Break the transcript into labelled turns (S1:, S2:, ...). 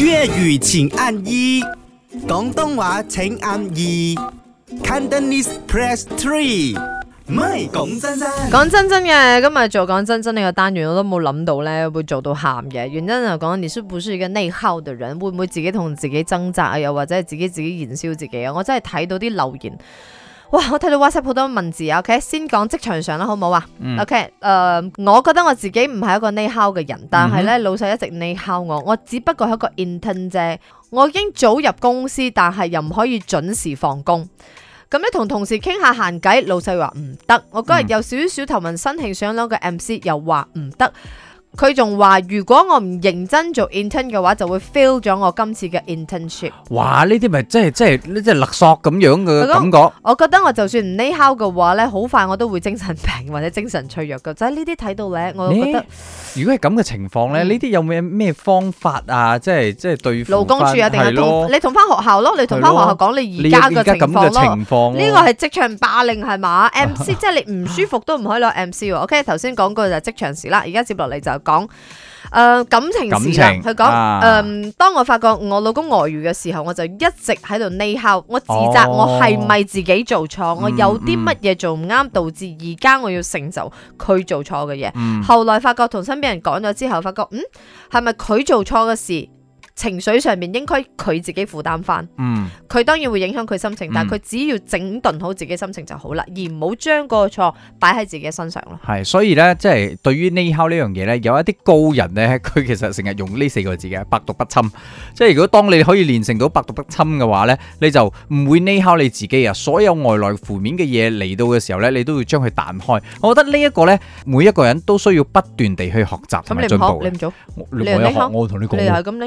S1: 粵語請按一，廣東話請按二，Cantonese press three。唔係講真真，
S2: 講真真嘅，今日做講真真呢個單元，我都冇諗到咧會做到喊嘅。原因就講：你是不是一個內耗的人？會唔會自己同自己掙扎啊？又或者係自己自己燃燒自己啊？我真係睇到啲留言。哇！我睇到 WhatsApp 好多文字啊，OK？先講職場上啦，好唔好啊、嗯、？OK？誒、呃，我覺得我自己唔係一個內耗嘅人，但係咧、嗯、哼 老細一直內耗我，我只不過係一個 intern 啫，我已經早入公司，但係又唔可以準時放工，咁咧同同事傾下閒偈，老細話唔得，我嗰日有少少頭暈身㷫想攞個 MC，又話唔得。嗯佢仲話如果我唔認真做 intern 嘅話，就會 fail 咗我今次嘅 internship。
S1: 哇，呢啲咪即係即係呢啲係勒索咁樣嘅感覺。
S2: 我覺得我就算唔內耗嘅話咧，好快我都會精神病或者精神脆弱噶。就喺呢啲睇到咧，我覺得、欸、
S1: 如果係咁嘅情況咧，呢啲、嗯、有咩咩方法啊？即係即係對勞工處啊定係咯。你
S2: 同翻學校咯，你同翻學校講你而家嘅情況咯。呢咯個係職場霸凌係嘛？M C 即係你唔舒服都唔可以攞 M C。OK，頭先講過就係職場事啦，而家接落嚟就。講誒、呃、感情事啦，佢講誒，當我發覺我老公外遇嘅時候，我就一直喺度內耗，我自責，我係咪自己做錯，哦、我有啲乜嘢做唔啱，嗯嗯、導致而家我要承受佢做錯嘅嘢。嗯、後來發覺同身邊人講咗之後，發覺嗯，係咪佢做錯嘅事？情緒上面應該佢自己負擔返，嗯，佢當然會影響佢心情，但係佢只要整頓好自己心情就好啦，而唔好將個錯擺喺自己身上咯。係，
S1: 所以咧，即係對於內耗呢樣嘢咧，有一啲高人咧，佢其實成日用呢四個字嘅百毒不侵。即係如果當你可以練成到百毒不侵嘅話咧，你就唔會內耗你自己啊。所有外來負面嘅嘢嚟到嘅時候咧，你都會將佢彈開。我覺得呢一個咧，每一個人都需要不斷地去學習同埋進步。你唔學，你唔做，我有學，我同你講。咁你。